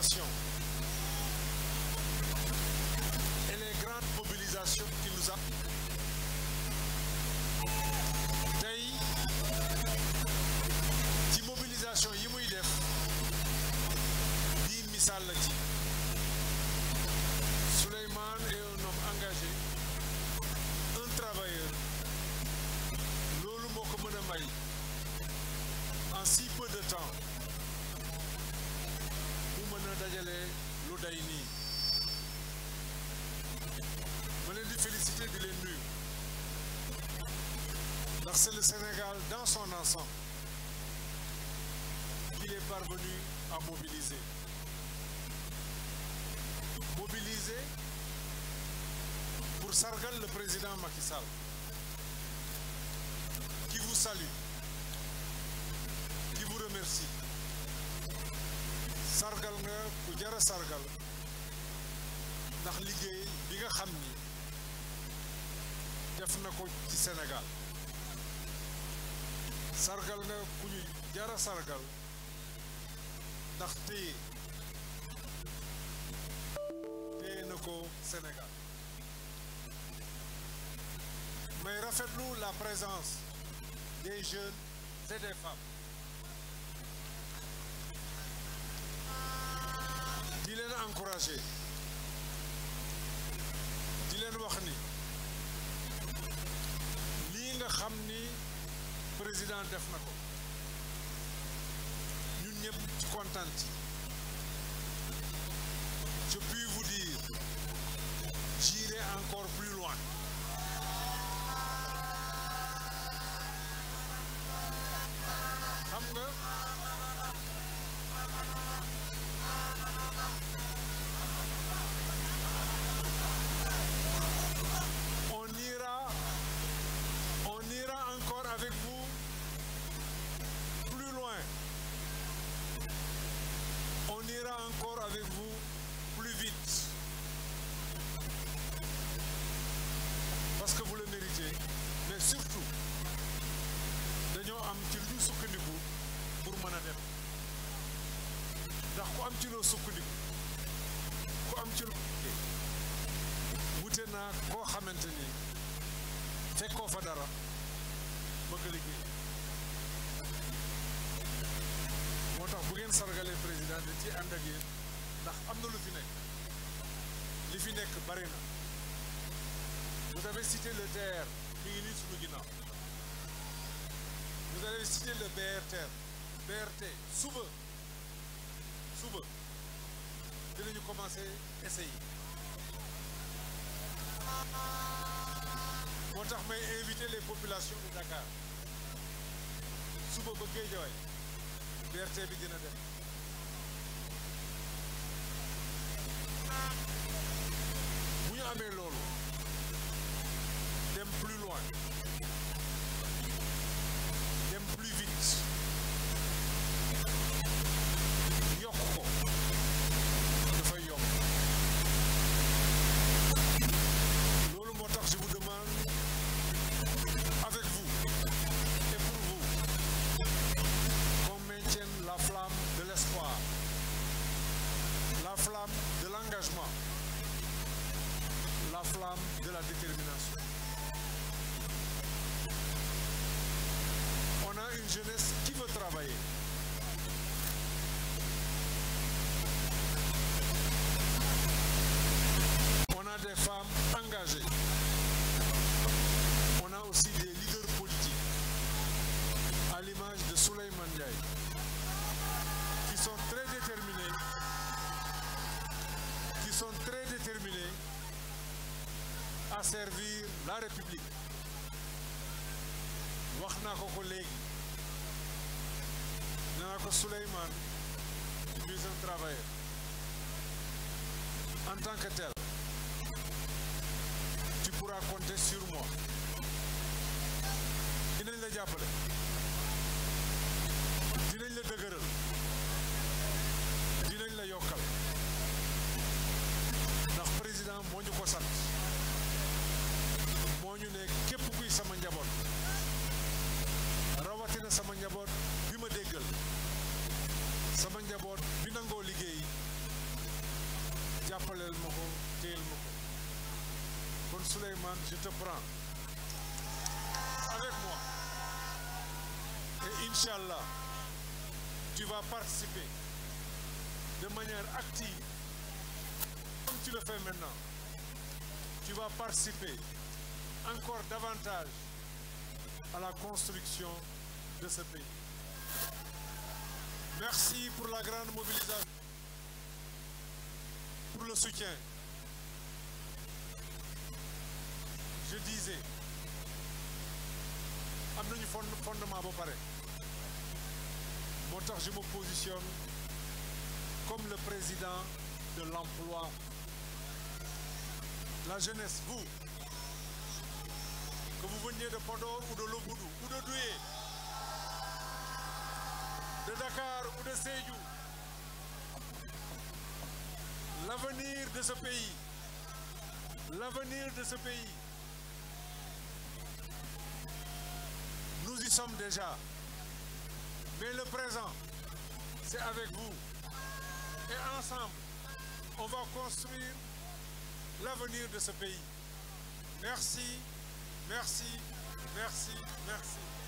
coordination c'est le Sénégal dans son ensemble qu'il est parvenu à mobiliser. Mobiliser pour sargal le président Macky Sall, qui vous salue, qui vous remercie. sargal nga ku jara sargal ndax liggéey bi nga xam ni def na ko ci senegal sargal nga ku jara sargal ndax téye téye na ko Sénégal mais rafetlu la présence des jeunes et des femmes di leen encouragé di leen président def na ko ñun ñëpp kontaan ci je puis vous dire j'irai encore plus loin ku am ci loo sukkandiku ku am ci loo wute naa koo xamante ni fekkoo fa dara bëgg liggéey moo tax bu ngeen sargalee président dañ ci ànd ak yéen ndax am na lu fi nekk li fi nekk bari na vous avez cité le TER mi ngi nii suñu ginnaaw vous cité le BRT BRT suba suba dinañu commencé essayer moo tax may inviter les population de Dakar suba ba Guédiawaye BRT bi dina dem bu ñu amee loolu de la détermination. On a une jeunesse qui veut travailler. à servir la République wax naa ko ko léegi nee naa ko Souleymane tu un travailleur en tant que tel tu pourras compter sur moi dinañ la jàppale fayal ma ko téyel ma ko je te prends avec moi et Inch'Allah tu vas participer de manière active comme tu le fais maintenant tu vas participer encore davantage à la construction de ce pays merci pour la grande mobilisation double soutien. Je disais, am nañu fondement ba pare moo tax je me comme le président de l'emploi la jeunesse vous que vous veniez de Podor ou de Lomboudou ou de Doué de Dakar ou de Sédhiou l'avenir de ce pays l'avenir de ce pays nous y sommes déjà mais le présent c'est avec vous et ensemble on va construire l'avenir de ce pays merci merci merci merci